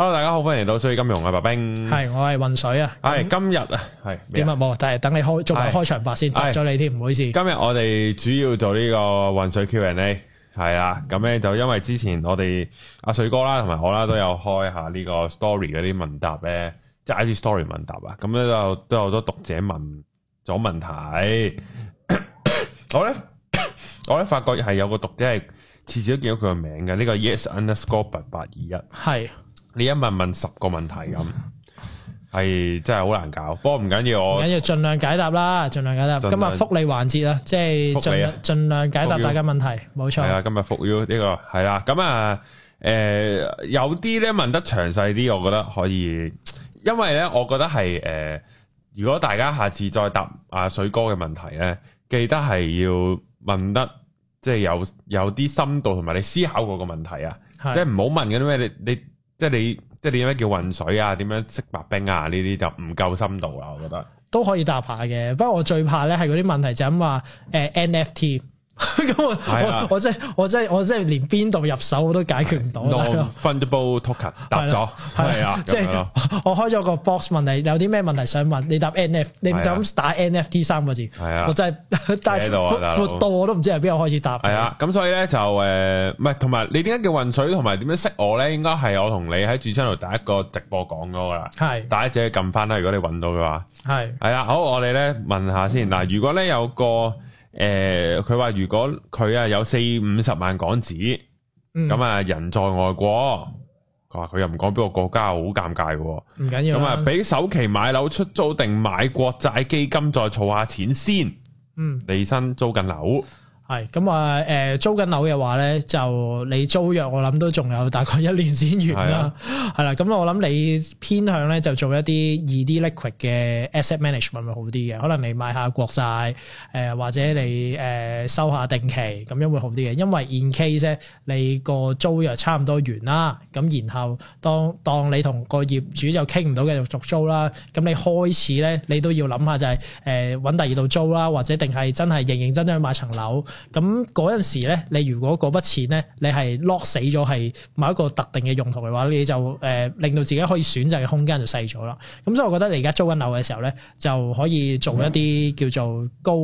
Hello 大家好，歡迎嚟到水金融啊，白兵，係，我係渾水啊，係，今日、嗯、啊，係點啊冇，就係等你開仲為開場白先，接咗是你添，唔是好意思。今日我哋主要做呢個渾水 Q&A，係啊，咁咧就因為之前我哋阿水哥啦，同埋我啦，都有開下呢個 story 嗰啲問答咧，即係 I G story 問答啊，咁咧都都有好多讀者問咗問題， 我咧，我咧發覺係有個讀者係次次都見到佢、這個名嘅、yes，呢個 Yes underscore 八八二一，係。你一問問十個問題咁，係真係好難搞。不過唔緊要，我緊要盡量解答啦，盡量解答。今日福利環節啦，即係盡量盡量解答大家問題，冇錯。係啊，今日福利呢個係啦。咁啊，誒，有啲咧問得詳細啲，我覺得可以，因為咧，我覺得係誒，如果大家下次再答阿水哥嘅問題咧，記得係要問得即係有有啲深度，同埋你思考過個問題啊，即係唔好問嗰啲咩，你你。即係你，即係你點樣叫渾水啊？點樣識白兵啊？呢啲就唔夠深度啦，我覺得都可以答下嘅。不過我最怕咧係嗰啲問題就咁話，誒、呃、NFT。咁我我我真係我真係我真係連邊度入手都解決唔到。Non-fungible token 答咗係啊，即係我開咗個 box 問你，有啲咩問題想問？你答 NFT，你就咁打 NFT 三個字係啊，我真係，但係闊度我都唔知係邊度開始答。係啊，咁所以咧就誒，唔係同埋你點解叫渾水？同埋點樣識我咧？應該係我同你喺註冊度第一個直播講咗噶啦。係，大家自己撳翻啦，如果你搵到嘅話，係係啊，好，我哋咧問下先嗱，如果咧有個。誒，佢話、呃、如果佢啊有四五十萬港紙，咁啊、嗯、人在外國，佢話佢又唔講邊個國家，好尷尬嘅。唔緊要，咁啊俾首期買樓出租定買國債基金再儲下錢先。嗯，離身租緊樓。係咁啊，誒、嗯、租緊樓嘅話咧，就你租約我諗都仲有大概一年先完啦，係啦、啊。咁、嗯、我諗你偏向咧就做一啲二、e、D liquid 嘅 asset management 會好啲嘅，可能你買下國債，誒、呃、或者你誒、呃、收下定期，咁樣會好啲嘅。因為 in case 你個租約差唔多完啦，咁然後當當你同個業主就傾唔到嘅就續租啦，咁你開始咧你都要諗下就係誒揾第二度租啦，或者定係真係認認真真買層樓。咁嗰陣時咧，你如果嗰筆錢咧，你係 lock 死咗係某一個特定嘅用途嘅話，你就誒、呃、令到自己可以選擇嘅空間就細咗啦。咁所以，我覺得你而家租緊樓嘅時候咧，就可以做一啲叫做高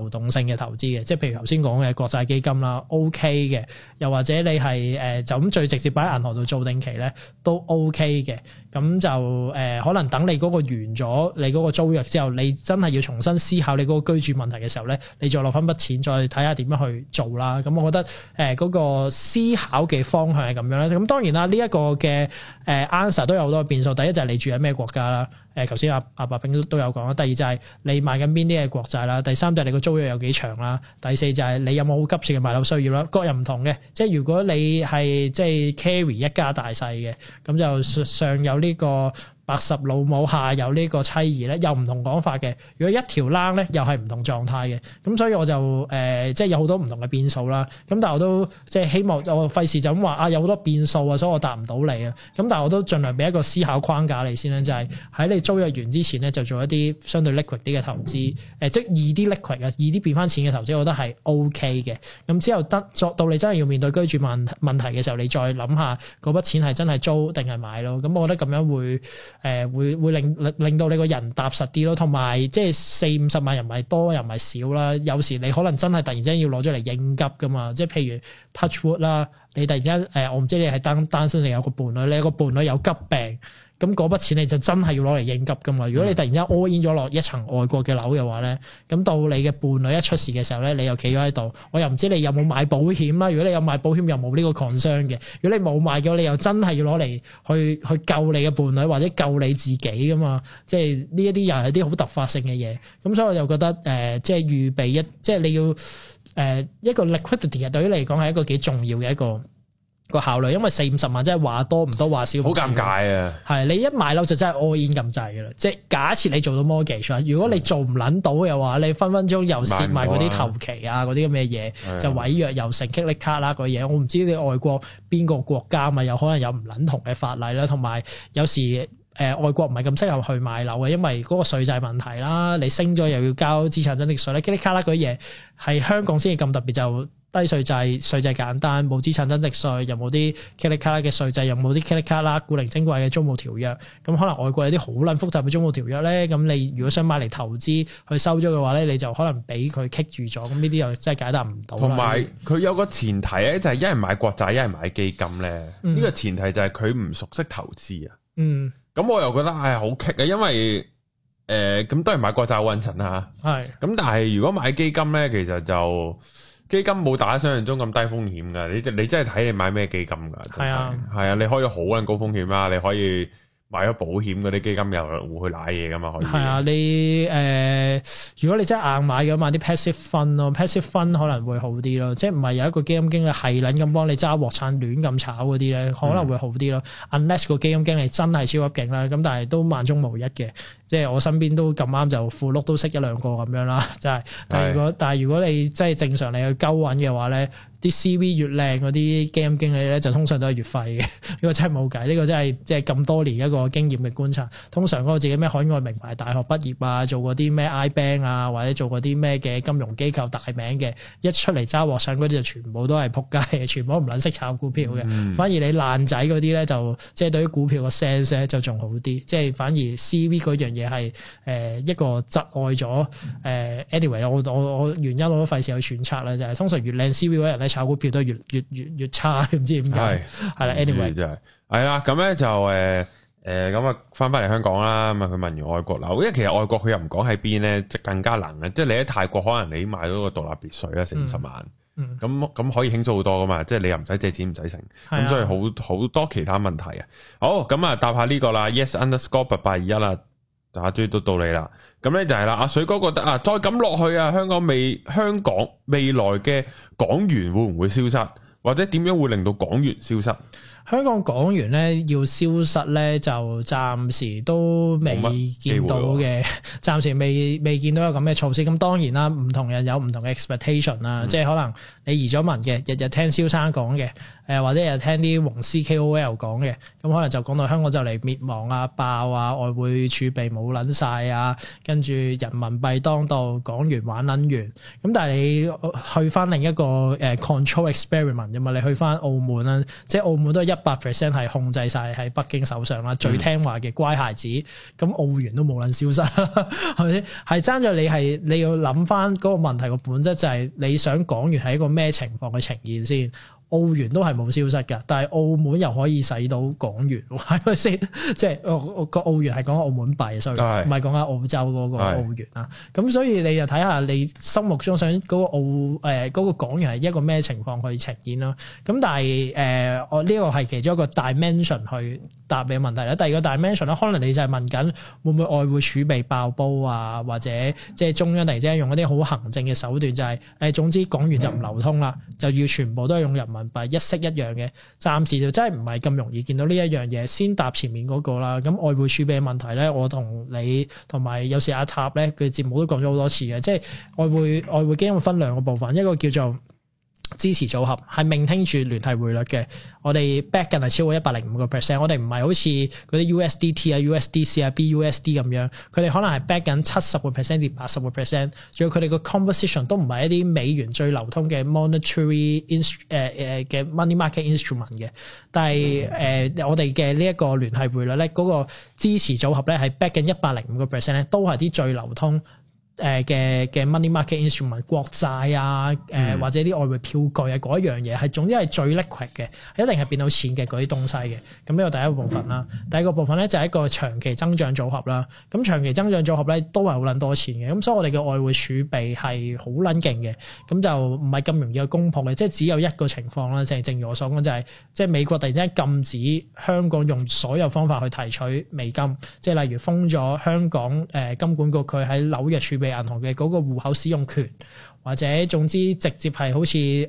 流動性嘅投資嘅，即係譬如頭先講嘅國債基金啦，OK 嘅，又或者你係誒、呃、就咁最直接擺喺銀行度做定期咧，都 OK 嘅。咁就誒、呃、可能等你嗰個完咗，你嗰個租約之後，你真係要重新思考你嗰個居住問題嘅時候咧，你再落翻筆錢，再睇下。點樣去做啦？咁、嗯、我覺得誒，嗰、呃那個思考嘅方向係咁樣啦。咁、嗯、當然啦，呢、這、一個嘅誒 answer 都有好多變數。第一就係、是、你住喺咩國家啦。誒、呃，頭先阿阿白兵都有講啦。第二就係你買緊邊啲嘅國債啦。第三就係你個租約有幾長啦。第四就係你有冇好急切嘅買樓需要啦。各人唔同嘅。即係如果你係即係 carry 一家大細嘅，咁就上有呢、這個。八十老母下有呢個妻兒咧，又唔同講法嘅。如果一條躝咧，又係唔同狀態嘅。咁所以我就誒、呃，即係有好多唔同嘅變數啦。咁但係我都即係希望我費事就咁話啊，有好多變數啊，所以我答唔到你啊。咁但係我都盡量俾一個思考框架你先啦，就係、是、喺你租約完之前咧，就做一啲相對 liquid 啲嘅投資，誒、mm hmm. 呃、即係易啲 liquid 嘅，易啲變翻錢嘅投資，我覺得係 OK 嘅。咁之後得作到你真係要面對居住問問題嘅時候，你再諗下嗰筆錢係真係租定係買咯。咁我覺得咁樣會。誒，會會令令到你個人踏實啲咯，同埋即係四五十萬又唔係多，又唔係少啦。有時你可能真係突然之間要攞出嚟應急噶嘛，即係譬如 touch wood 啦。你突然之間誒，我唔知你係單單身定有個伴侶，你有個伴侶有急病。咁嗰筆錢你就真係要攞嚟應急噶嘛？如果你突然間 all in 咗落一層外國嘅樓嘅話咧，咁到你嘅伴侶一出事嘅時候咧，你又企咗喺度，我又唔知你有冇買保險啦。如果你有，有買保險又冇呢個抗傷嘅，如果你冇買嘅，你又真係要攞嚟去去救你嘅伴侶或者救你自己噶嘛？即係呢一啲又係啲好突發性嘅嘢。咁所以我又覺得誒、呃，即係預備一，即係你要誒、呃、一個 liquidity 對你嚟講係一個幾重要嘅一個。個效率，因為四五十萬真係話多唔多話少好尷尬啊！係你一買樓就真係 all in 咁滯嘅啦。即係假設你做到 mortgage，如果你做唔撚到嘅話，你分分鐘又蝕埋嗰啲頭期啊嗰啲咁嘅嘢，就毀約又成 kitty 卡啦嗰嘢。我唔知啲外國邊個國家咪有可能有唔撚同嘅法例啦。同埋有時誒外國唔係咁適合去買樓嘅，因為嗰個稅制問題啦，你升咗又要交資產增值稅咧，kitty 卡啦嗰啲嘢係香港先至咁特別就。低稅制，稅制簡單，冇資產增值稅，又冇啲卡哩卡啦嘅稅制，又冇啲卡哩卡啦古靈精怪嘅租務條約，咁可能外國有啲好撚複雜嘅租務條約咧，咁你如果想買嚟投資去收咗嘅話咧，你就可能俾佢棘住咗，咁呢啲又真係解答唔到。同埋佢有，有個前提咧，就係一係買國債，一係買基金咧。呢、嗯、個前提就係佢唔熟悉投資啊。嗯，咁我又覺得唉好棘啊，因為誒咁、呃、都係買國債穩陣啦嚇。係的，咁但係如果買基金咧，其實就。基金冇大家想象中咁低風險噶，你你真係睇你買咩基金噶，係啊係啊，你可以好撚高風險啊，你可以。買咗保險嗰啲基金又會去攋嘢噶嘛？可以？係啊，你誒、呃，如果你真係硬買嘅話，啲 passive fund 咯，passive fund 可能會好啲咯，即係唔係有一個基金經理係撚咁幫你揸鑊鏟亂咁炒嗰啲咧，可能會好啲咯。嗯、unless 個基金經理真係超級勁啦，咁但係都萬中無一嘅，即係我身邊都咁啱就符碌都識一兩個咁樣啦，即係。但係如果是但係如果你真係正常你去鳩穩嘅話咧。啲 C.V. 越靚嗰啲 game 經理咧，就通常都係越廢嘅，呢、這個真係冇計，呢、這個真係即係咁多年一個經驗嘅觀察。通常嗰個自己咩海外名牌大學畢業啊，做過啲咩 I.Bank 啊，或者做過啲咩嘅金融機構大名嘅，一出嚟揸鑊上嗰啲就全部都係撲街嘅，全部都唔撚識炒股票嘅。嗯、反而你爛仔嗰啲咧，就即係、就是、對於股票個 sense 咧就仲好啲。即、就、係、是、反而 C.V. 嗰樣嘢係誒一個窒礙咗誒、呃、anyway，我我我原因我都費事去揣測啦，就係、是、通常越靚 C.V. 嗰人咧。炒股票都越越越越差，唔知點解係啦。Anyway，是就係啦。咁、呃、咧就誒誒，咁啊翻翻嚟香港啦。咁啊，佢問完外國樓，因為其實外國佢又唔講喺邊咧，就更加難嘅。即係你喺泰國可能你買到個獨立別墅啊，成、嗯、五十萬，咁咁、嗯、可以輕鬆好多噶嘛。即、就、係、是、你又唔使借錢，唔使成。咁、嗯、所以好好多其他問題啊。好，咁啊答下呢個啦。Yes，under score 八二一啦。嗯打追到到你啦，咁咧就係、是、啦。阿水哥覺得啊，再咁落去啊，香港未香港未來嘅港元會唔會消失，或者點樣會令到港元消失？香港港元咧要消失咧，就暫時都未見到嘅。暫時未未見到有咁嘅措施。咁當然啦，唔同人有唔同嘅 expectation 啦、嗯。即係可能你移咗民嘅，日日聽蕭生講嘅。誒或者又聽啲紅絲 K.O.L 講嘅咁，可能就講到香港就嚟滅亡啊、爆啊、外匯儲備冇撚晒啊，跟住人民幣當到港元玩撚完咁。但係你去翻另一個誒 control experiment 啫嘛，你去翻澳門啦，即係澳門都係一百 percent 係控制晒喺北京手上啦，最聽話嘅乖孩子，咁澳元都冇撚消失係咪先？係爭在你係你要諗翻嗰個問題個本質就係、是、你想港完係一個咩情況嘅呈現先？澳元都係冇消失㗎，但係澳門又可以使到港元，係咪先？即係是個澳元係講澳門幣，所以唔係講緊澳洲嗰個澳元啊。咁所以你就睇下你心目中想嗰個澳誒嗰、呃嗰個港元係一個咩情況去呈現咯，咁但係誒我呢個係其中一個 dimension 去答你問題啦。第二個 dimension 咧，可能你就係問緊會唔會外匯儲備爆煲啊，或者即係中央嚟，啫，用嗰啲好行政嘅手段，就係、是、誒、呃、總之港元就唔流通啦，嗯、就要全部都係用人民。一式一樣嘅，暫時就真係唔係咁容易見到呢一樣嘢。先答前面嗰個啦，咁外匯儲備問題咧，我同你同埋有，有時阿塔咧佢節目都講咗好多次嘅，即係外匯外匯基金分兩個部分，一個叫做。支持組合係命聽住聯繫匯率嘅，我哋 back 緊係超過一百零五個 percent，我哋唔係好似嗰啲 USDT 啊、USDC 啊、BUSD 咁樣，佢哋可能係 back 緊七十個 percent 至八十個 percent，仲有佢哋個 composition 都唔係一啲美元最流通嘅 monetary i、呃、n m 嘅 money market instrument 嘅，但係誒、嗯呃、我哋嘅呢一個聯繫匯率咧，嗰、嗰個支持組合咧係 back 緊一百零五個 percent 咧，都係啲最流通，誒嘅嘅 money market instrument 國債啊，誒、呃、或者啲外匯票據啊，嗰一樣嘢係總之係最 liquid 嘅，一定係變到錢嘅嗰啲東西嘅。咁呢個第一個部分啦，第二個部分咧就係一個長期增長組合啦。咁長期增長組合咧都係好捻多錢嘅。咁所以我哋嘅外匯儲備係好捻勁嘅。咁就唔係咁容易去攻破嘅，即係只有一個情況啦，就係正如我所講，就是，就係即係美國突然之間禁止香港用所有方法去提取美金，即係例如封咗香港誒金管局佢喺紐約儲備。被銀行嘅嗰個戶口使用權，或者總之直接係好似誒誒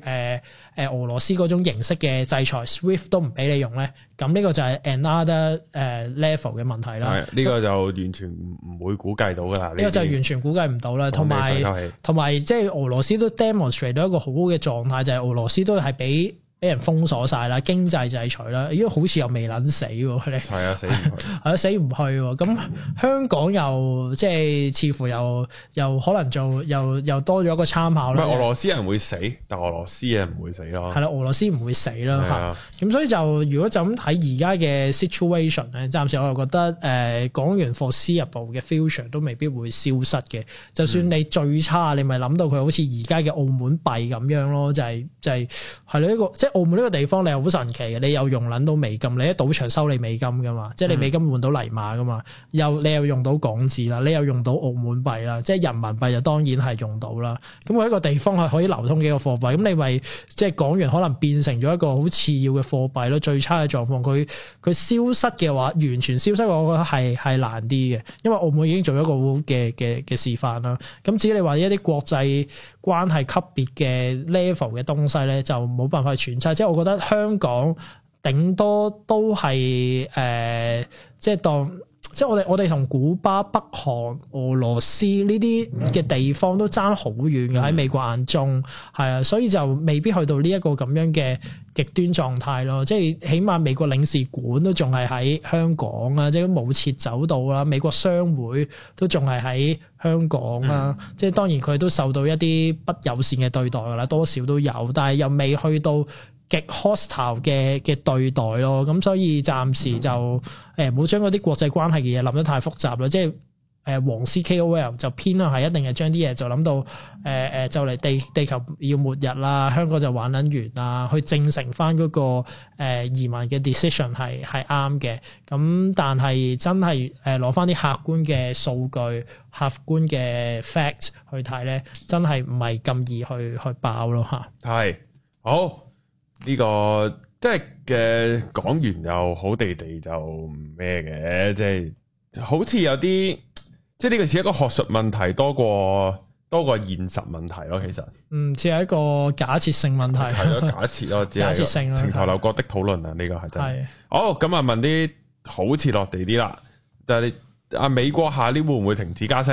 俄羅斯嗰種形式嘅制裁，SWIFT 都唔俾你用咧。咁呢個就係 another 誒、呃、level 嘅問題啦。係，呢、這個就完全唔會估計到噶啦。呢 個就完全估計唔到啦。同埋，同埋即係俄羅斯都 demonstrate 到一個好好嘅狀態，就係、是、俄羅斯都係俾。俾人封鎖晒啦，經濟制裁啦，咦、哎，好似又未撚死喎，係啊，死係咯， 死唔去喎。咁香港又即係似乎又又可能就又又多咗一個參考啦。唔係俄羅斯人會死，但俄羅斯人唔會死咯。係啦、啊，俄羅斯唔會死啦嚇。咁、啊啊、所以就如果就咁睇而家嘅 situation 咧，暫時我又覺得誒 foreseeable 嘅 future 都未必會消失嘅。就算你最差，你咪諗到佢好似而家嘅澳門幣咁樣咯，就係、是、就係係咯一個即係。澳門呢個地方你又好神奇嘅，你又用捻到美金，你喺賭場收你美金噶嘛，即係你美金換到黎馬噶嘛，又你又用到港紙啦，你又用到澳門幣啦，即係人民幣就當然係用到啦。咁佢一個地方係可以流通幾個貨幣，咁你咪即係港元可能變成咗一個好次要嘅貨幣咯。最差嘅狀況，佢佢消失嘅話，完全消失，我覺得係係難啲嘅，因為澳門已經做咗一個好嘅嘅嘅示範啦。咁至於你話一啲國際，關係級別嘅 level 嘅東西咧，就冇辦法去揣測。即係我覺得香港頂多都係誒、呃，即係當。即係我哋，我哋同古巴、北韓、俄羅斯呢啲嘅地方都爭好遠嘅，喺美國眼中，係啊，所以就未必去到呢一個咁樣嘅極端狀態咯。即係起碼美國領事館都仲係喺香港啊，即係冇撤走到啊。美國商會都仲係喺香港啊。即係當然佢都受到一啲不友善嘅對待㗎啦，多少都有，但係又未去到。極 hostile 嘅嘅對待咯，咁所以暫時就誒唔好將嗰啲國際關係嘅嘢諗得太複雜啦。即係誒，黃絲 K.O.L 就偏向係一定係將啲嘢就諗到誒誒、欸，就嚟，地地球要末日啦，香港就玩撚完啦，去證成翻、那、嗰個誒、呃、移民嘅 decision 係係啱嘅。咁但係真係誒，攞翻啲客觀嘅數據、客觀嘅 fact 去睇咧，真係唔係咁易去去爆咯吓，係好。呢個即係嘅講完又好地地就唔咩嘅，即係好似有啲即係呢個似一個學術問題多過多過現實問題咯，其實嗯似係一個假設性問題，係咯 假設咯，假設性啦，停台留國的討論啊，呢個係真係。好咁啊，oh, 問啲好似落地啲啦，但係阿美國下啲會唔會停止加息？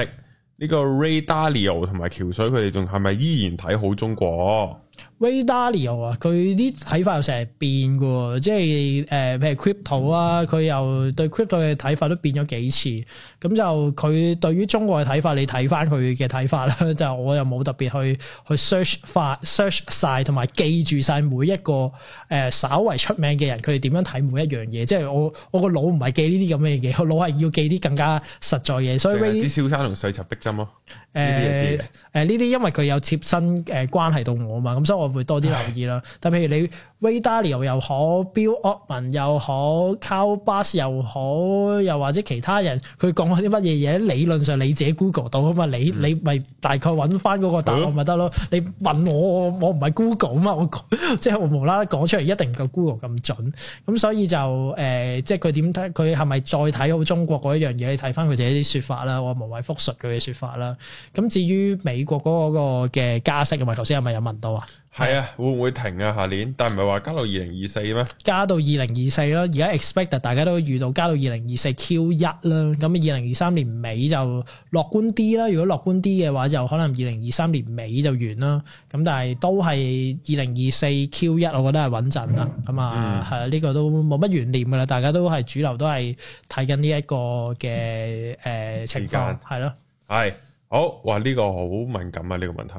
呢個 Ray Dalio 同埋橋水佢哋仲係咪依然睇好中國？Ray Dalio 啊，佢啲睇法又成日變噶，即係誒，譬、呃、如 crypto 啊，佢又對 crypto 嘅睇法都變咗幾次。咁就佢對於中國嘅睇法，你睇翻佢嘅睇法啦。就我又冇特別去去 search 翻，search 晒同埋記住晒每一個誒、呃，稍為出名嘅人，佢哋點樣睇每一樣嘢。即係我我個腦唔係記呢啲咁嘅嘢，個腦係要記啲更加實在嘢。所以，知小山同細賊逼針咯。誒誒，呢啲因為佢有貼身誒關係到我嘛，咁所以我會多啲留意啦。但譬如你 Ray Dalio 又好，Bill Ackman 又好，Cowbus 又好，又或者其他人，佢講啲乜嘢嘢，理論上你自己 Google 到啊嘛，你你咪大概揾翻嗰個答案咪得咯。你問我，我唔係 Google 啊嘛，我即係無啦啦講出嚟一定唔夠 Google 咁準。咁所以就誒，即係佢點睇，佢係咪再睇好中國嗰一樣嘢？你睇翻佢自己啲説法啦，我無謂複述佢嘅説法啦。咁至於美國嗰個嘅加息，同埋頭先係咪有問到啊？係啊，會唔會停啊？下年，但係唔係話加到二零二四咩？加到二零二四咯，而家 expect 大家都預到加到二零二四 Q 一啦。咁二零二三年尾就樂觀啲啦。如果樂觀啲嘅話，就可能二零二三年尾就完啦。咁但係都係二零二四 Q 一，我覺得係穩陣啦。咁、嗯、啊，係啊、嗯，呢個都冇乜懸念噶啦。大家都係主流，都係睇緊呢一個嘅誒情況，係咯間，係、啊。好、哦，哇！呢、這個好敏感啊，呢、這個問題，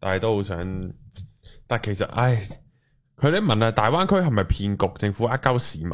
但係都好想，但其實，唉、哎，佢哋問啊，大灣區係咪騙局？政府呃鳩市民？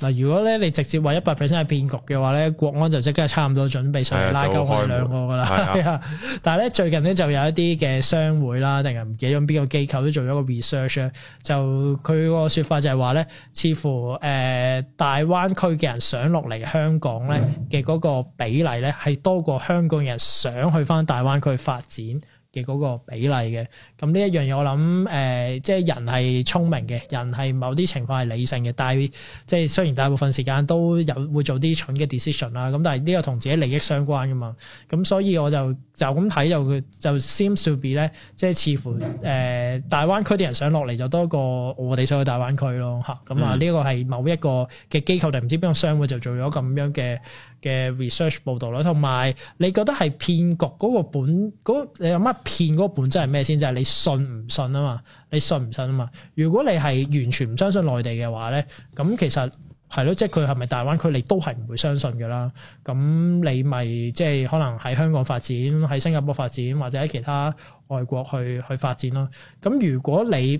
嗱，如果咧你直接話一百 percent 係騙局嘅話咧，國安就即刻差唔多準備上去拉鳩開兩個噶啦。哎、 但係咧最近咧就有一啲嘅商會啦，定係唔記得咗邊個機構都做咗個 research 咧，就佢個説法就係話咧，似乎誒、呃、大灣區嘅人想落嚟香港咧嘅嗰個比例咧，係多過香港人想去返大灣區發展嘅嗰個比例嘅。咁呢一樣嘢，我諗誒、呃，即係人係聰明嘅，人係某啲情況係理性嘅，但係即係雖然大部分時間都有會做啲蠢嘅 decision 啦，咁但係呢個同自己利益相關噶嘛，咁所以我就就咁睇就佢就 seems to be 咧，即係似乎誒、呃、大灣區啲人想落嚟就多過我哋想去大灣區咯，嚇、嗯，咁啊呢個係某一個嘅機構定唔知邊個商會就做咗咁樣嘅嘅 research 報道啦，同埋你覺得係騙局嗰個本、嗰個、你有乜騙嗰個本質係咩先啫？即係你？信唔信啊嘛？你信唔信啊嘛？如果你係完全唔相信內地嘅話咧，咁其實係咯，即係佢係咪大灣區，你都係唔會相信噶啦。咁你咪即係可能喺香港發展，喺新加坡發展，或者喺其他外國去去發展咯。咁如果你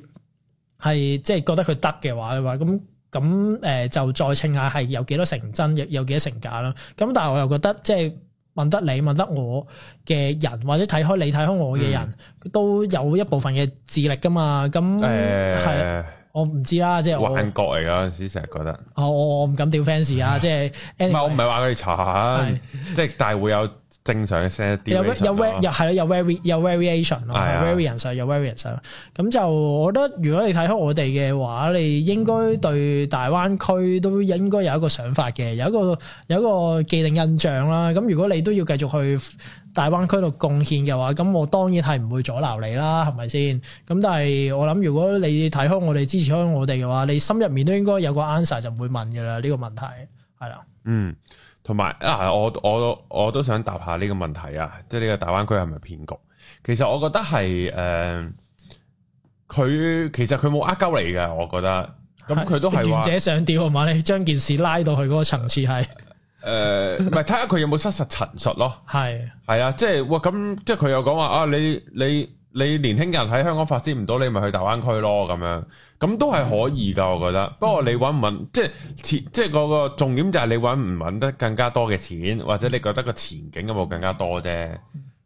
係即係覺得佢得嘅話嘅話，咁咁誒就再稱下係有幾多成真，有有幾多成假啦。咁但係我又覺得即係。問得你問得我嘅人，或者睇開你睇開我嘅人都有一部分嘅智力㗎嘛，咁係我唔知啦，即係幻覺嚟㗎，有時成日覺得。我我我唔敢屌 fans 啊，即係唔係我唔係話佢哋查下，即係但係會有。正常嘅聲一啲，有 very，又係咯，有 very，有 variation 咯，variation 有 variation。咁就我覺得，如果你睇開我哋嘅話，你應該對大灣區都應該有一個想法嘅，有一個有一個既定印象啦。咁如果你都要繼續去大灣區度貢獻嘅話，咁我當然係唔會阻撓你啦，係咪先？咁但係我諗，如果你睇開我哋支持開我哋嘅話，你心入面都應該有個 answer 就唔會問嘅啦，呢個問題係啦。嗯。同埋啊，我我我都想答下呢個問題啊，即係呢個大灣區係咪騙局？其實我覺得係誒，佢、呃、其實佢冇呃鳩嚟噶我覺得。咁、嗯、佢都係話。者上吊啊嘛？你將件事拉到去嗰個層次係。誒、呃，唔係睇下佢有冇失實陳述咯。係。係啊，即係哇，咁即係佢又講話啊，你你。你年輕人喺香港發展唔到，你咪去大灣區咯咁樣，咁都係可以噶，我覺得。嗯、不過你揾唔揾，即係錢，即係嗰個重點就係你揾唔揾得更加多嘅錢，或者你覺得個前景有冇更加多啫？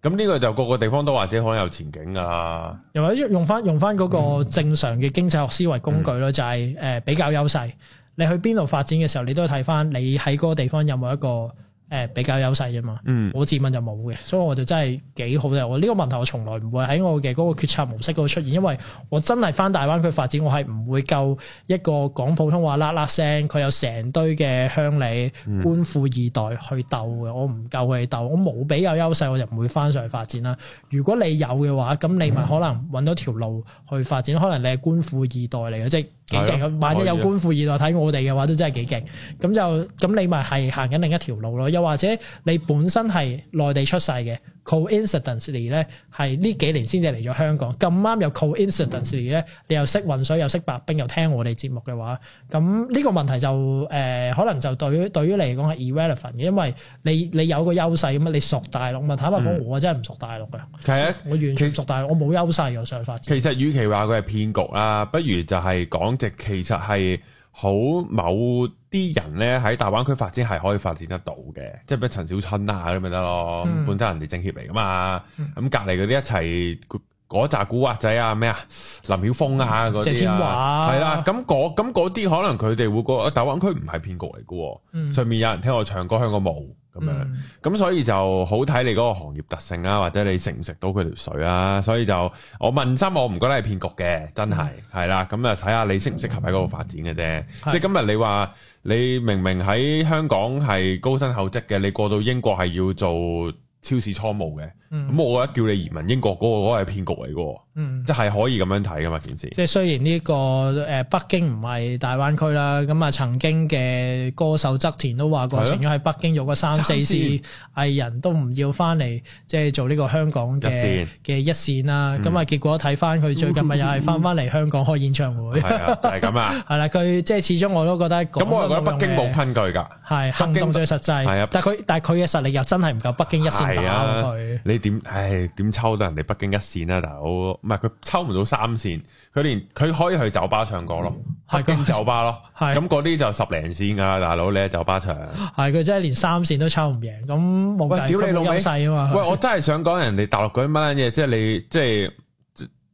咁呢、嗯、個就個個地方都或者可能有前景噶、啊。又或、嗯、用翻用翻嗰個正常嘅經濟學思維工具咯，嗯、就係、是、誒、呃、比較優勢。你去邊度發展嘅時候，你都要睇翻你喺嗰個地方有冇一個。誒比較優勢啊嘛，我自問就冇嘅，所以我就真係幾好嘅。我呢個問題我從來唔會喺我嘅嗰個決策模式度出現，因為我真係返大灣區發展，我係唔會夠一個講普通話啦啦聲，佢有成堆嘅鄉里官富二代去鬥嘅，我唔夠佢哋鬥，我冇比較優勢，我就唔會返上去發展啦。如果你有嘅話，咁你咪可能搵到條路去發展，可能你係官富二代嚟嘅啫。幾勁咁，萬一有官富二代睇我哋嘅話，都真係幾勁。咁 就咁，你咪係行緊另一條路咯。又或者你本身係內地出世嘅。coincidentally 咧，係呢幾年先至嚟咗香港，咁啱又 coincidentally 咧，你又識渾水，又識白兵，又聽我哋節目嘅話，咁呢個問題就誒，可能就對於對於你嚟講係 irrelevant 嘅，因為你你有個優勢咁啊，你熟大陸嘛？坦白講，我真係唔熟大陸嘅，係啊，我完全熟大陸，我冇優勢嘅上發展。其實，與其話佢係騙局啦，不如就係港籍其實係。好某啲人咧喺大灣區發展係可以發展得到嘅，即係畀陳小春啊咁咪得咯。嗯、本身人哋政協嚟噶嘛，咁隔離嗰啲一齊。嗰紮古惑仔啊，咩啊，林曉峰啊，嗰啲啊，係啦、啊，咁嗰咁啲可能佢哋會覺得大灣區唔係騙局嚟嘅，嗯、上面有人聽我唱歌香港冇，咁樣，咁、嗯、所以就好睇你嗰個行業特性啊，或者你食唔食到佢條水啊，所以就我問心，我唔覺得係騙局嘅，真係，係啦、嗯，咁啊睇下你適唔適合喺嗰度發展嘅、啊、啫，嗯、即係今日你話你明明喺香港係高薪厚職嘅，你過到英國係要做超市倉務嘅。咁我覺得叫你移民英國嗰個嗰個係騙局嚟嘅，即係可以咁樣睇嘅嘛件事。即係雖然呢個誒北京唔係大灣區啦，咁啊曾經嘅歌手側田都話過，情願喺北京有個三四線藝人都唔要翻嚟，即係做呢個香港嘅嘅一線啦。咁啊結果睇翻佢最近咪又係翻翻嚟香港開演唱會，係咁啊，係啦，佢即係始終我都覺得咁，我係覺得北京冇昆句㗎，係北京最實際，係啊，但係佢但係佢嘅實力又真係唔夠北京一線打佢。點唉點抽到人哋北京一線啊大佬，唔係佢抽唔到三線，佢連佢可以去酒吧唱歌咯，嗯、北京酒吧咯，咁嗰啲就十零線噶、啊、大佬，你喺酒吧唱，係佢真係連三線都抽唔贏，咁冇計。屌你老味啊嘛！喂，的喂，我真係想講人哋大陸嗰啲乜嘢，即係你即係。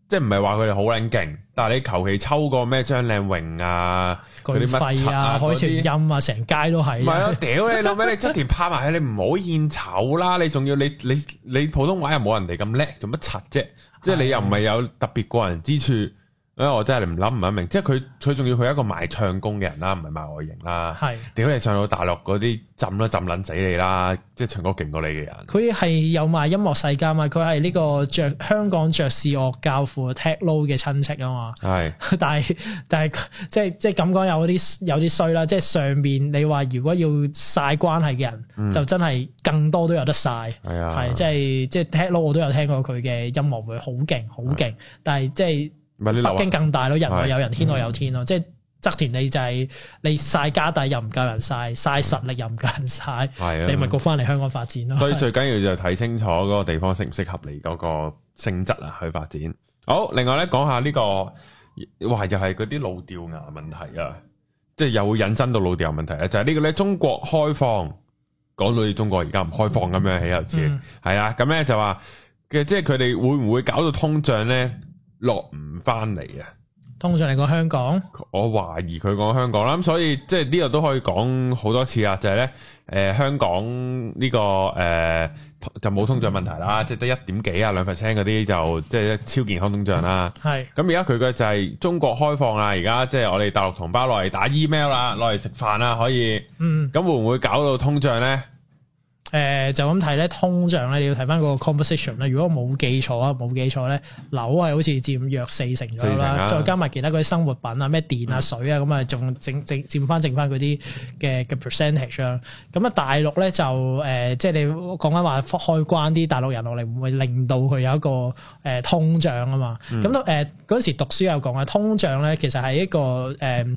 即係唔係話佢哋好卵勁，但係你求其抽個咩張靚穎啊嗰啲乜啊，啊海豚音啊成些街都係，啊，唔係啊屌你老咩？ 你側田拍埋去，你唔好獻醜啦！你仲要你你你，你普通話又冇人哋咁叻，做乜柒啫？嗯、即係你又唔係有特別過人之處。因為我真係唔諗唔明，即係佢佢仲要佢係一個賣唱功嘅人啦，唔係賣外形啦。係點解你上到大陸嗰啲浸都浸撚死你啦？嗯、即係唱歌勁過你嘅人。佢係有賣音樂世家嘛？佢係呢個着香港爵士樂教父 Ted Lo 嘅親戚啊嘛。係是，但係但係即係即係咁講有啲有啲衰啦。即係上面你話如果要晒關係嘅人，嗯、就真係更多都有得晒。係啊、哎呀，係即係即係 Ted Lo，我都有聽過佢嘅音樂會好勁好勁，是但係即係。北京更大咯，人外有人，的天外有天咯，嗯、即係側田你就係、是、你晒家底又唔夠人晒，晒實力又唔夠人晒，的你咪焗翻嚟香港發展咯。的所以最緊要就睇清楚嗰個地方適唔適合你嗰個性質啊去發展。好，另外咧講下呢、這個話就係嗰啲老掉牙問題啊，即係又會引申到老掉牙問題啊，就係、是、呢個咧中國開放，講到你中國而家唔開放咁樣起有錢，係啊、嗯，咁咧就話嘅即係佢哋會唔會搞到通脹咧？落唔翻嚟啊！通常嚟講香港，我懷疑佢講香港啦，咁所以即係呢度都可以講好多次啊！就係、是、呢，誒、呃、香港呢、這個誒、呃、就冇通脹問題啦，即係得一點幾啊兩 percent 嗰啲就即是係、就是、超健康通脹啦。係咁而家佢嘅就係中國開放啦，而家即係我哋大陸同胞落嚟打 email 啦，落嚟食飯啦，可以，咁、嗯、會唔會搞到通脹呢？誒、呃、就咁睇咧，通脹咧，你要睇翻個 composition 啦。如果冇記錯啊，冇記錯咧，樓係好似佔約四成咗啦，再加埋其他嗰啲生活品啊，咩電啊、水啊，咁啊、嗯，仲整整佔翻、佔剩翻嗰啲嘅嘅 percentage 啦。咁啊、呃，大陸咧就誒，即係你講緊話開關啲大陸人落嚟，會唔會令到佢有一個誒、呃、通脹啊嘛。咁到誒嗰時讀書又講啊，通脹咧其實係一個誒。呃嗯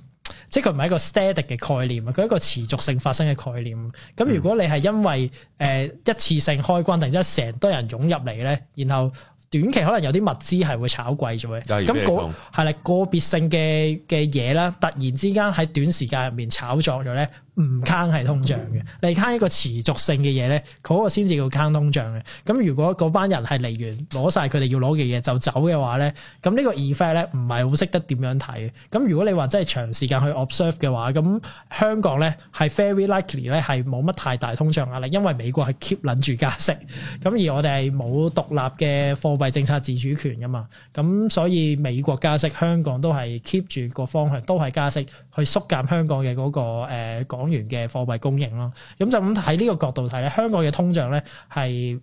即係佢唔係一個 static 嘅概念，佢係一個持續性發生嘅概念。咁如果你係因為誒、呃、一次性開關，突然之間成多人湧入嚟咧，然後短期可能有啲物資係會炒貴咗嘅。咁、那個係啦，個別性嘅嘅嘢啦，突然之間喺短時間入面炒作咗咧。唔坑係通脹嘅，嚟坑一個持續性嘅嘢咧，嗰個先至叫坑通脹嘅。咁如果嗰班人係嚟完攞晒佢哋要攞嘅嘢就走嘅話咧，咁呢個 effect 咧唔係好識得點樣睇。咁如果你話真係長時間去 observe 嘅話，咁香港咧係 very likely 咧係冇乜太大通脹壓力，因為美國係 keep 撚住加息，咁而我哋係冇獨立嘅貨幣政策自主權噶嘛，咁所以美國加息，香港都係 keep 住個方向，都係加息去縮減香港嘅嗰個誒港。呃源嘅貨幣供應咯，咁就咁喺呢個角度睇咧，香港嘅通脹咧係，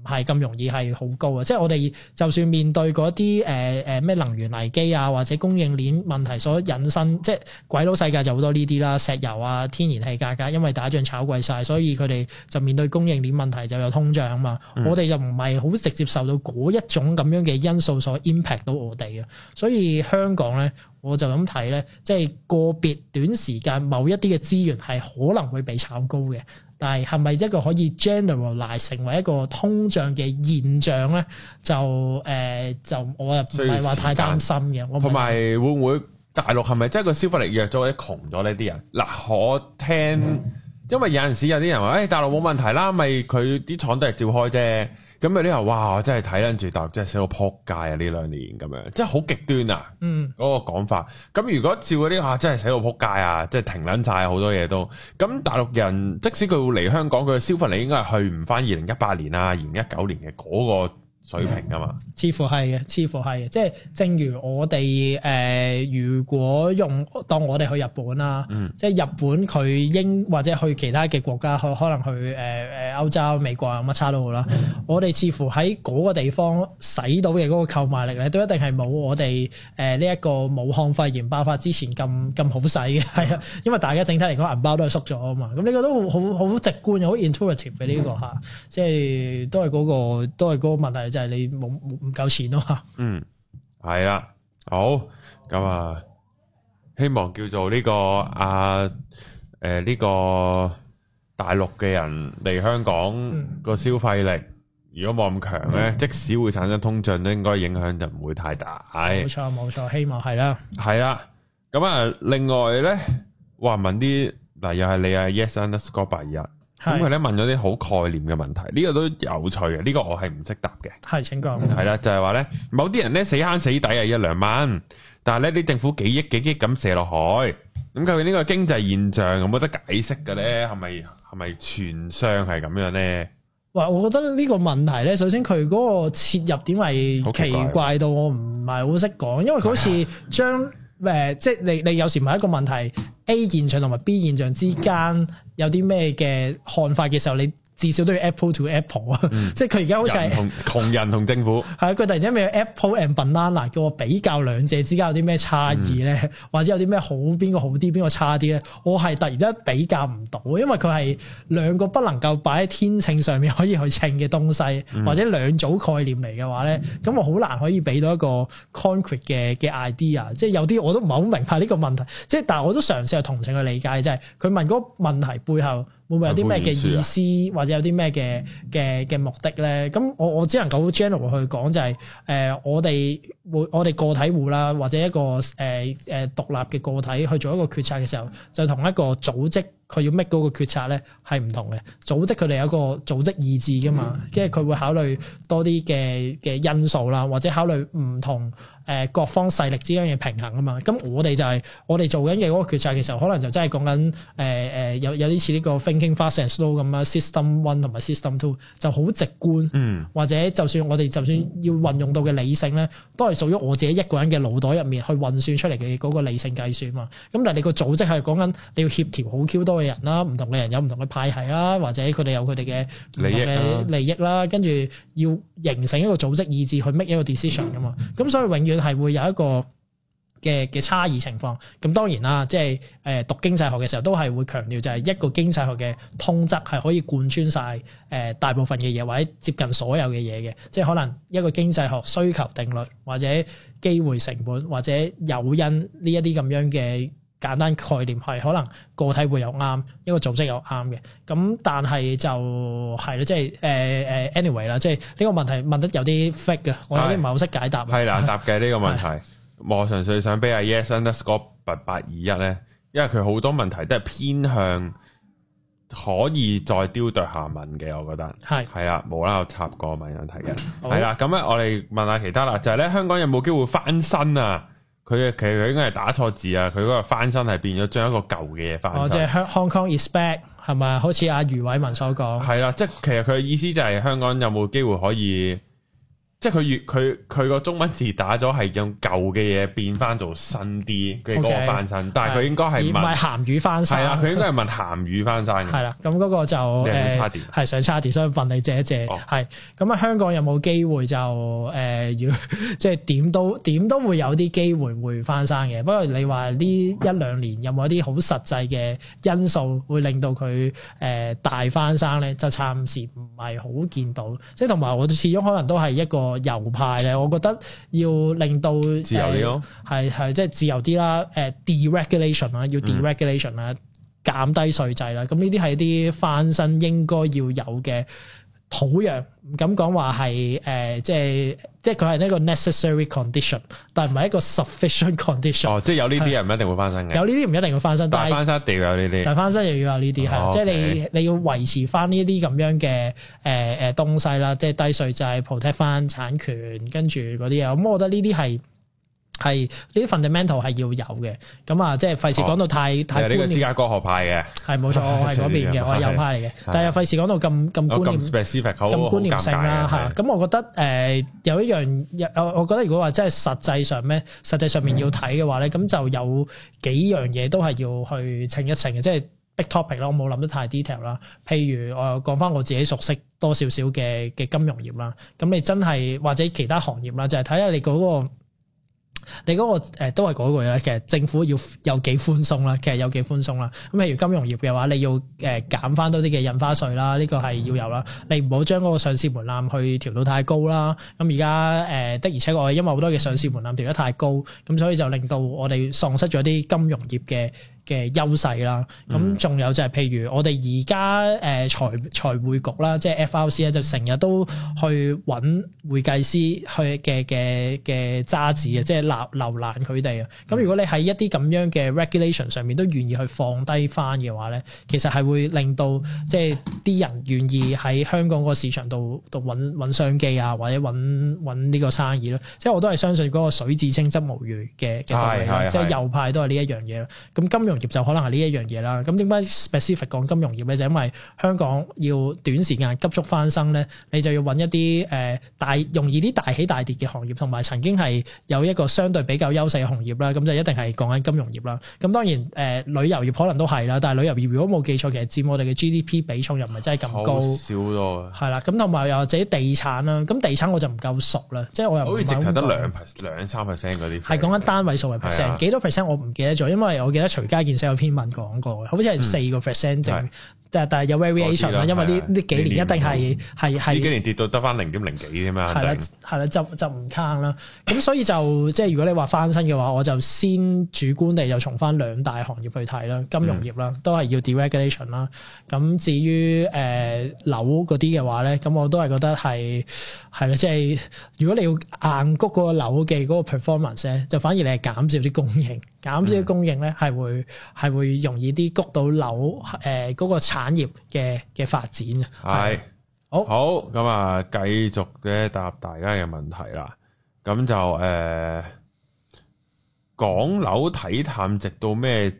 唔係咁容易係好高啊！即係我哋就算面對嗰啲誒誒咩能源危機啊，或者供應鏈問題所引申，即係鬼佬世界就好多呢啲啦，石油啊、天然氣價格，格因為打仗炒貴晒，所以佢哋就面對供應鏈問題就有通脹啊嘛。嗯，我哋就唔係好直接受到嗰一種咁樣嘅因素所 impact 到我哋啊。所以香港咧，我就咁睇咧，即係個別短時間某一啲嘅資源係可能會被炒高嘅。但係係咪一個可以 generalize 成為一個通脹嘅現象咧？就誒、呃、就我就唔係話太擔心嘅。同埋會唔會大陸係咪真係個消費力弱咗或者窮咗呢啲人嗱、啊，我聽、嗯、因為有陣時有啲人話誒、哎、大陸冇問題啦，咪佢啲廠都係照開啫。咁咪呢度哇！我真係睇跟住大陸真係死到撲街啊！呢兩年咁樣，真係好極端啊！嗰、嗯、個講法。咁如果照嗰啲嚇，真係死到撲街啊！即係停撚晒好多嘢都。咁大陸人即使佢會嚟香港，佢嘅消費力應該係去唔翻二零一八年啦、啊，二零一九年嘅嗰、那個。水平噶嘛似？似乎係嘅，似乎係嘅。即係，正如我哋誒、呃，如果用當我哋去日本啦，嗯、即係日本佢英或者去其他嘅國家，去可能去誒誒、呃、歐洲、美國乜叉都好啦。嗯、我哋似乎喺嗰個地方使到嘅嗰個購買力咧，都一定係冇我哋誒呢一個武漢肺炎爆發之前咁咁好使嘅，係啦。因為大家整體嚟講，銀包都係縮咗啊嘛。咁呢個都好好直觀又好 intuitive 嘅呢個嚇，即係都係嗰、嗰個、都係嗰個問題。就係你冇冇唔夠錢咯，嗯，係啦，好，咁、嗯、啊，希望叫做呢、這個啊，誒、呃，呢、這個大陸嘅人嚟香港個消費力，嗯、如果冇咁強咧，嗯、即使會產生通脹，都應該影響就唔會太大。係，冇錯冇錯，希望係啦，係啦，咁、嗯、啊，另外咧，話問啲嗱、啊，又係你、嗯、啊你、嗯、Yes or No，白兵？咁佢咧問咗啲好概念嘅問題，呢、這個都有趣嘅，呢、這個我係唔識答嘅。係，請講。係啦、嗯，就係話咧，某啲人咧死慳死抵啊一兩蚊，但係咧啲政府幾億幾億咁射落海，咁究竟呢個經濟現象有冇得解釋嘅咧？係咪係咪全相係咁樣咧？哇！我覺得呢個問題咧，首先佢嗰個切入點係奇怪，奇怪到我唔係好識講，因為佢好似將誒，即係你你有時唔係一個問題 A 現象同埋 B 現象之間。嗯有啲咩嘅看法嘅時候，你？至少都要 Apple to Apple 啊、嗯，即係佢而家好似同人同政府，係佢 突然之間問 Apple and Banana，叫我比較兩者之間有啲咩差異咧，嗯、或者有啲咩好邊個好啲，邊個差啲咧？我係突然之間比較唔到，因為佢係兩個不能夠擺喺天秤上面可以去稱嘅東西，嗯、或者兩組概念嚟嘅話咧，咁、嗯、我好難可以俾到一個 concrete 嘅嘅 idea，即係、嗯嗯、有啲我都唔係好明白呢個問題，即係但係我都嘗試去同情去理解，即係佢問嗰個問題背後。會唔會有啲咩嘅意思，意思或者有啲咩嘅嘅嘅目的咧？咁我我只能夠 general 去講就係、是，誒、呃、我哋會我哋個體戶啦，或者一個誒誒、呃、獨立嘅個體去做一個決策嘅時候，就同一個組織佢要 make 嗰個決策咧係唔同嘅。組織佢哋有一個組織意志噶嘛，嗯、即係佢會考慮多啲嘅嘅因素啦，或者考慮唔同。誒各方勢力之間嘅平衡啊嘛，咁我哋就係、是、我哋做緊嘅個決策嘅時候可能就真係講緊誒誒有有啲似呢個 thinking fast and slow 咁啊 system one 同埋 system two 就好直觀，嗯、或者就算我哋就算要運用到嘅理性咧，都係屬於我自己一個人嘅腦袋入面去運算出嚟嘅個理性計算啊嘛。咁但係你個組織係講緊你要協調好 Q 多嘅人啦，唔同嘅人有唔同嘅派系啦，或者佢哋有佢哋嘅利益利益啦，跟住要形成一個組織意志去 make 一個 decision 噶嘛、嗯。咁、嗯、所以永遠。係會有一個嘅嘅差異情況，咁當然啦，即係誒讀經濟學嘅時候都係會強調，就係一個經濟學嘅通則係可以貫穿晒誒、呃、大部分嘅嘢，或者接近所有嘅嘢嘅，即係可能一個經濟學需求定律，或者機會成本，或者誘因呢一啲咁樣嘅。簡單概念係可能個體會有啱，一個組織有啱嘅。咁但係就係、是、啦，呃呃、anyway，即係誒誒，anyway 啦，即係呢個問題問得有啲 fake 嘅，的我有啲唔係好識解答。係啦，答嘅呢個問題，的我純粹想俾阿 Yes and s good 八八二一咧，因為佢好多問題都係偏向可以再雕對下文嘅，我覺得係係啦，冇的啦，我插個問，的問問題嘅，係啦，咁咧我哋問下其他啦，就係、是、咧香港有冇機會翻身啊？佢嘅佢佢應該係打錯字啊！佢嗰個翻身係變咗將一個舊嘅嘢翻新。哦，即係 Hong Kong is back 係咪？好似阿余偉文所講。係啦、嗯，即係其實佢嘅意思就係香港有冇機會可以。即係佢越佢佢個中文字打咗係用舊嘅嘢變翻做新啲嘅個翻生，okay, 但係佢應該係唔係鹹魚翻生，係啊，佢應該係問鹹魚翻生係啦。咁嗰、嗯啊、個就係、呃、想差啲，所以問你借一借係。咁啊、oh.，香港有冇機會就誒要、呃、即係點都點都會有啲機會會翻生嘅。不過你話呢一兩年有冇一啲好實際嘅因素會令到佢誒、呃、大翻生咧？就暫時唔係好見到。即係同埋我始終可能都係一個。.右派呢，我覺得要令到自由啲咯，係係即係自由啲啦。誒，de-regulation 啦，ulation，要 de-regulation 啦、嗯，減低稅制啦。咁呢啲係啲翻身應該要有嘅。土壤唔敢講話係誒，即係即係佢係一個 necessary condition，但係唔係一個 sufficient condition。哦，即係有呢啲人唔一定會翻身嘅。有呢啲唔一定會翻身，但係翻身一定要有呢啲。但係翻身又要有呢啲，係即係你你要維持翻呢啲咁樣嘅誒誒東西啦，即係低稅制、protect 翻產權，跟住嗰啲啊。咁、嗯、我覺得呢啲係。係呢啲 fundamental 係要有嘅，咁、嗯、啊，即係費事講到太、哦、太觀念。呢個芝加哥學派嘅，係冇錯，我係嗰邊嘅， 我係右派嚟嘅， 但係費事講到咁咁觀念、咁觀念性啦嚇。咁我，我覺得誒、呃、有一樣，我我覺得如果話真係實際上咩，實際上面要睇嘅話咧，咁、嗯、就有幾樣嘢都係要去清一清嘅，即係 big topic 咯。我冇諗得太 detail 啦。譬如我講翻我自己熟悉多少少嘅嘅金融業啦，咁你真係或者其他行業啦，就係睇下你嗰、那個。你嗰個、呃、都係嗰句啦，其實政府要有幾寬鬆啦，其實有幾寬鬆啦。咁譬如金融業嘅話，你要誒、呃、減翻多啲嘅印花稅啦，呢、呢個係要有啦。嗯、你唔好將嗰個上市門檻去調到太高啦。咁而家誒的而且確因為好多嘅上市門檻調得太高，咁所以就令到我哋喪失咗啲金融業嘅嘅優勢啦，咁仲有就係譬如我哋而家誒財財會局啦，即係 FRC 咧，就成日都去揾會計師去嘅嘅嘅揸子啊，即係鬧瀏覽佢哋啊。咁、嗯、如果你喺一啲咁樣嘅 regulation 上面都願意去放低翻嘅話咧，其實係會令到即係啲人願意喺香港個市場度度揾揾商機啊，或者揾揾呢個生意咯。即係我都係相信嗰個水至清則無魚嘅道理啦。即係右派都係呢一樣嘢咯。咁金融。就可能係呢一樣嘢啦。咁點解 specific 講金融業咧？就是、因為香港要短時間急速翻生咧，你就要揾一啲誒、呃、大容易啲大起大跌嘅行業，同埋曾經係有一個相對比較優勢嘅行業啦。咁就一定係講緊金融業啦。咁當然誒、呃、旅遊業可能都係啦，但係旅遊業如果冇記錯，其實佔我哋嘅 GDP 比重又唔係真係咁高，少多。係啦，咁同埋又或者地產啦。咁地產我就唔夠熟啦，即、就、係、是、我又好似淨係得兩 p 兩三 percent 嗰啲。係講緊單位數為 percent，幾多 percent 我唔記得咗，因為我記得隨街。件事有篇文講過，好似係四個 percent 定，嗯、但但係有 variation 啦，因為呢呢幾年一定係係係幾年跌到得翻零點零幾啫嘛，係啦係啦，就就唔坑啦。咁、嗯、 所以就即係如果你話翻身嘅話，我就先主觀地就從翻兩大行業去睇啦，金融業啦，都係要 deregulation 啦。咁至於誒樓嗰啲嘅話咧，咁我都係覺得係係啦，即係、就係、如果你要硬谷個樓嘅嗰個 performance 咧，就反而你係減少啲供應，減少啲供應咧係會。係會容易啲谷到樓誒，嗰、呃那個產業嘅嘅發展啊，係是、oh, 好好咁啊，繼續嘅答大家嘅問題啦。咁就誒，港樓睇淡直到咩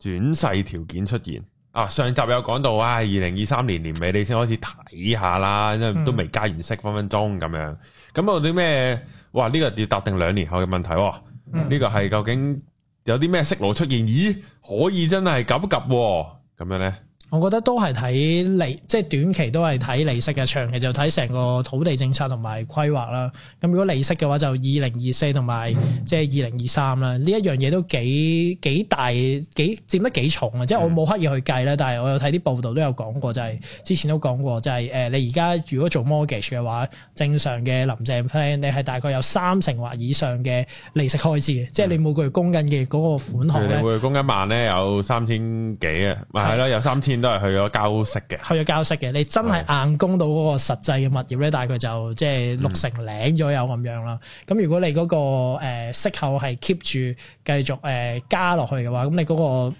轉勢條件出現啊？上集有講到啊，二零二三年年尾你先開始睇下啦，因為都未加完息分分鐘咁樣。咁有啲咩？哇，呢、這個要答定兩年後嘅問題。呢、嗯、個係究竟？有啲咩色路出現？咦，可以真係及一及喎咁樣咧？我覺得都係睇利，即係短期都係睇利息嘅，長期就睇成個土地政策同埋規劃啦。咁如果利息嘅話，就二零二四同埋即係二零二三啦。呢一樣嘢都幾幾大，幾佔得幾重啊！即係我冇刻意去計啦，但係我有睇啲報道都有講過，就係之前都講過，就係誒你而家如果做 mortgage 嘅話，正常嘅林鄭 plan，你係大概有三成或以上嘅利息開支嘅，即係你每個月供緊嘅嗰個款項咧。每個月供緊一萬咧，有三千幾啊，係啦，有三千。都係去咗交息嘅，去咗交息嘅。你真係硬供到嗰個實際嘅物業咧，大概就即係六成零左右咁樣啦。咁如果你嗰個誒息口係 keep 住繼續誒加落去嘅話，咁你嗰個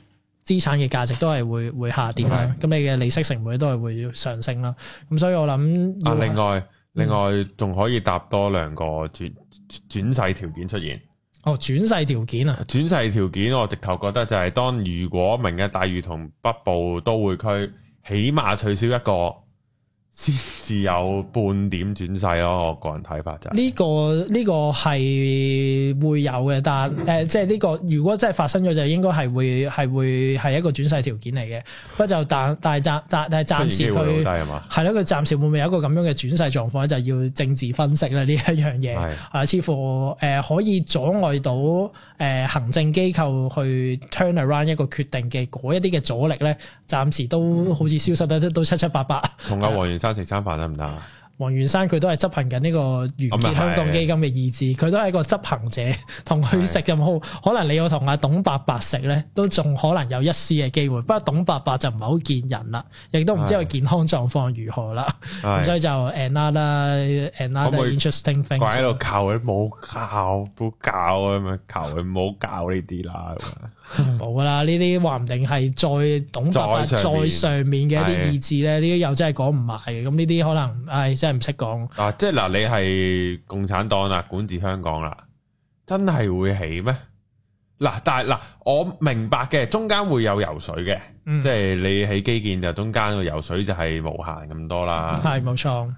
資產嘅價值都係會會下跌啦。咁你嘅利息成本都係會上升啦。咁所以我諗啊，另外另外仲可以搭多兩個轉轉勢條件出現。哦，轉世條件啊！轉世條件，我直頭覺得就係當如果明日大嶼同北部都會區起碼取消一個。先至有半點轉勢咯，我個人睇法就呢、這個呢、這個係會有嘅，但誒、呃、即係呢、這個如果真係發生咗，就應該係會係會係一個轉勢條件嚟嘅。不過就但但係暫暫但係暫時佢係咯，佢暫時會唔會有一個咁樣嘅轉勢狀況咧，就要政治分析啦呢一樣嘢是的 啊，似乎誒、呃、可以阻礙到。誒、呃、行政機構去 turn around 一個決定嘅嗰一啲嘅阻力咧，暫時都好似消失得都七七八八。 同行行。同阿黃元生食餐飯得唔得啊？黃元山佢都係執行緊呢個團結香港基金嘅意志，佢都係一個執行者。同佢食咁好，可能你要同阿董伯伯食咧，都仲可能有一絲嘅機會。不過董伯伯就唔係好見人啦，亦都唔知佢健康狀況如何啦。咁的所以就 another 啦 another interesting 會 thing。掛喺度求佢冇教，好教咁樣，求佢唔好教呢啲啦。冇啦，呢啲話唔定係再董伯伯再上面嘅一啲意志咧，呢啲又真係講唔埋嘅。咁呢啲可能係、哎就是唔識講啊！即係嗱、啊，你係共產黨啦，管治香港啦，真係會起咩？嗱、啊，但係嗱、啊，我明白嘅，中間會有游水嘅，嗯、即係你起基建中間就中間個游水就係無限咁多啦。係冇錯。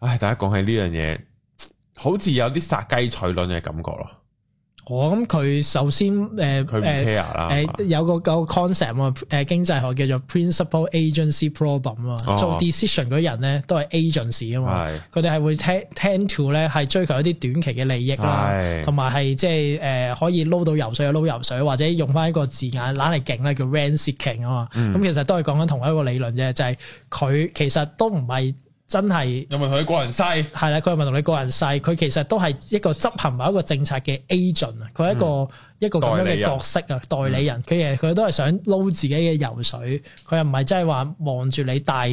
唉、哎，大家講起呢樣嘢，好似有啲殺雞取卵嘅感覺咯。我咁佢首先誒，誒、呃，有個個 concept 啊，誒經濟學叫做 principal agency problem 啊、哦，做 decision 嗰啲人咧都係 agents 啊嘛、哦，佢哋係會 tend to 咧係追求一啲短期嘅利益啦，同埋係即係誒可以撈到油水就撈油水，或者用翻一個字眼懶嚟勁咧叫 rent seeking 啊嘛，咁、嗯嗯嗯、其實都係講緊同一個理論啫，就係、是、佢其實都唔係。真係，佢問佢個人勢，係啦，佢係問同你個人勢，佢其實都係一個執行某一個政策嘅 agent 啊，佢係一個、嗯、一個咁樣嘅角色啊，代理人，佢其實佢都係想撈自己嘅油水，佢又唔係真係話望住你大。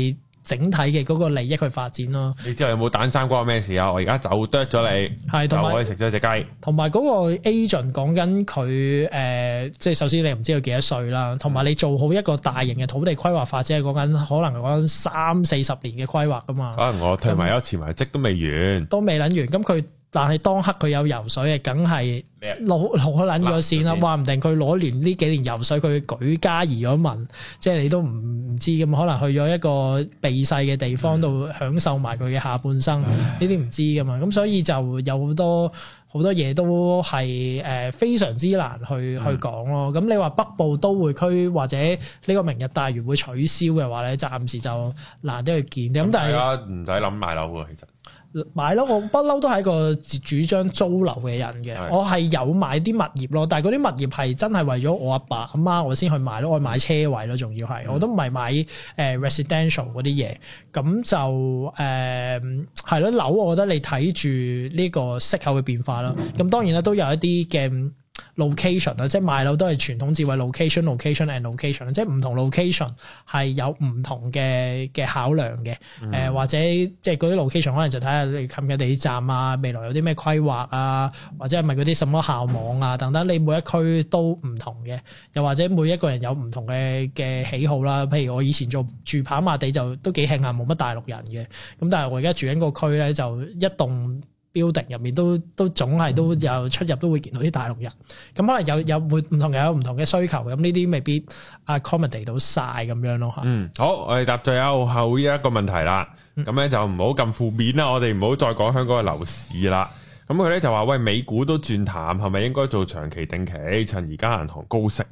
整體嘅嗰個利益去發展咯。你知我有冇蛋生關我咩事啊？我而家就剁咗你，同埋、嗯、可以食咗隻雞。同埋嗰個 agent 講緊佢誒，即係首先你唔知佢幾多歲啦。同埋你做好一個大型嘅土地規劃發展，即係講緊可能講緊三四十年嘅規劃噶嘛。可能我退埋休前埋職都未完，都未諗完。咁佢。但係當刻佢有游水啊，梗係攞攞撚個線啦，話唔定佢攞連呢幾年游水，佢舉家移咗民，即係你都唔唔知咁，可能去咗一個避世嘅地方度、嗯、享受埋佢嘅下半生，呢啲唔知噶嘛，咁唉所以就有好多好多嘢都係誒非常之難去、嗯、去講咯。咁、嗯嗯、你話北部都會區或者呢個明日大嶼會取消嘅話咧，暫時就難得去見咁、嗯、但係而家唔使諗埋樓其實。其實買咯，我不嬲都係一個自主張租樓嘅人嘅，的我係有買啲物業咯，但係嗰啲物業係真係為咗我阿爸阿媽,媽我先去買咯，我買車位咯，仲要係我都唔係買誒、呃、residential 嗰啲嘢，咁就誒係咯樓，我覺得你睇住呢個息口嘅變化啦，咁當然啦都有一啲嘅。location 啊，即係賣樓都係傳統智慧 location，location location and location，即係唔同 location 係有唔同嘅嘅考量嘅。誒、嗯、或者即係嗰啲 location 可能就睇下你近嘅地鐵站啊，未來有啲咩規劃啊，或者係咪嗰啲什麼校網啊等等，嗯、你每一區都唔同嘅，又或者每一個人有唔同嘅嘅喜好啦。譬如我以前做住跑馬地就都幾慶幸，冇乜大陸人嘅，咁但係我而家住緊個區咧就一棟 building 入面都都總係都有出入，都會見到啲大陸人，咁可能有有會唔同有唔同嘅需求，咁呢啲未必啊、uh, accommodate 到晒咁樣咯吓。嗯，好，我哋答最後呢一個問題啦，咁咧就唔好咁負面啦，我哋唔好再講香港嘅樓市啦。咁佢咧就話喂美股都轉淡，係咪應該做長期定期趁而家銀行高息？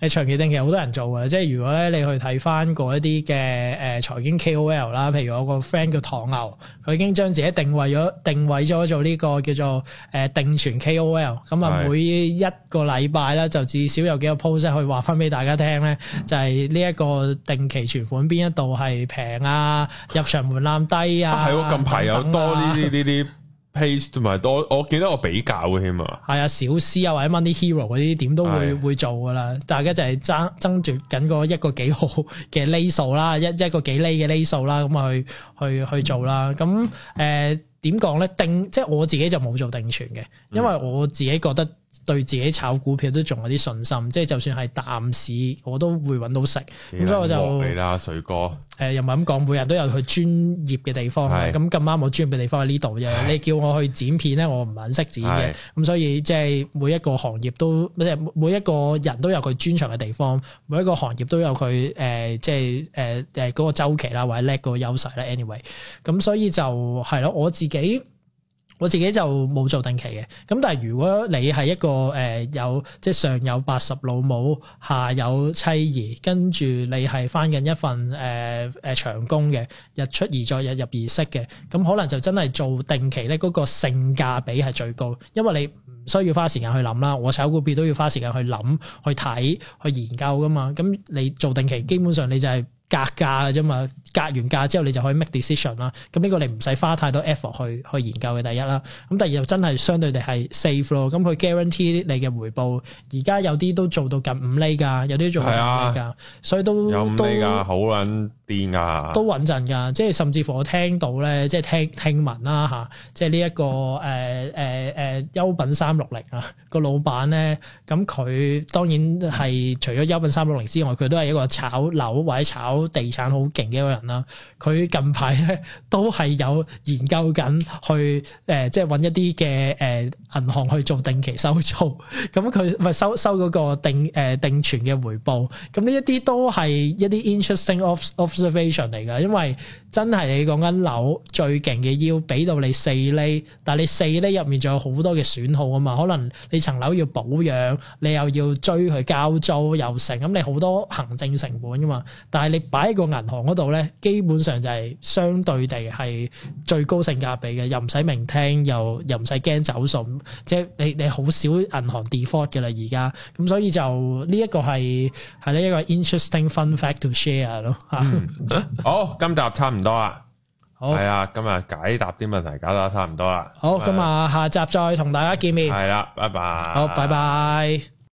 誒，長期定期好多人做嘅，即係如果咧你去睇翻過一啲嘅誒財經 K O L 啦，譬如我個 friend 叫唐牛，佢已經將自己定位咗定位咗做呢個叫做誒、呃、定存 K O L，咁啊每一個禮拜咧就至少有幾個 post 去以話翻俾大家聽咧，就係呢一個定期存款邊一度係平啊，入場門檻低啊，係、啊啊、近排有多呢啲呢啲。 p a s 派同埋，多，我記得我比較嘅起碼啊，係啊，小 C 啊，或者 Money Hero 嗰啲點都會的會做噶啦，大家就係爭爭住緊個一個幾毫嘅 lay 數啦，一一個幾厘嘅 lay 數啦，咁去去去做啦。咁誒點講咧？定即係我自己就冇做定存嘅，因為我自己覺得，對自己炒股票都仲有啲信心，即係就算係淡市，我都會揾到食。咁所以我就嚟啦，水哥。誒，又唔係咁講，每日都有佢專業嘅地方。咁咁啱，我專業嘅地方喺呢度啫。你叫我去剪片咧，我唔係好識剪嘅。咁所以即係每一個行業都，即係每一個人都有佢專長嘅地方。每一個行業都有佢誒，即係誒誒嗰個週期啦，或者叻嗰個優勢啦。anyway，咁所以就係咯，我自己。我自己就冇做定期嘅，咁但係如果你係一個誒有即係上有八十老母，下有妻兒，跟住你係翻緊一份誒誒長工嘅，日出而作，日入而息嘅，咁可能就真係做定期咧，嗰個性價比係最高，因為你唔需要花時間去諗啦，我炒股票都要花時間去諗、去睇、去研究噶嘛，咁你做定期，基本上你就係格價嘅啫嘛，格完價之後你就可以 make decision 啦。咁呢個你唔使花太多 effort 去去研究嘅第一啦。咁第二又真係相對地係 safe 咯。咁佢 guarantee 你嘅回報。而家有啲都做到近五厘㗎，有啲做係啊，五厘，所以都有五厘㗎，好穩啲㗎。都穩陣㗎，即係甚至乎我聽到咧，即係聽聽聞啦吓，即係呢一個誒誒誒優品三六零啊，個老闆咧，咁佢當然係除咗優品三六零之外，佢都係一個炒樓或者炒。地產好勁嘅一個人啦，佢近排咧都係有研究緊去誒、呃，即係搵一啲嘅誒銀行去做定期收租，咁佢咪收收嗰個定誒、呃、定存嘅回報，咁、嗯、呢一啲都係一啲 interesting observation 嚟噶，因為。真係你講緊樓最勁嘅，要俾到你四厘，但係你四厘入面仲有好多嘅損耗啊嘛！可能你層樓要保養，你又要追佢交租又成，咁你好多行政成本噶嘛。但係你擺喺個銀行嗰度咧，基本上就係相對地係最高性價比嘅，又唔使明聽，又又唔使驚走數，即係你你好少銀行 default 嘅啦而家。咁所以就呢一個係係呢一個 interesting fun fact to share 咯嚇。好，今集差唔多啊，好係啊，今日解答啲問題搞到差唔多啦。好，咁啊，下集再同大家見面。係啦，拜拜。好，拜拜。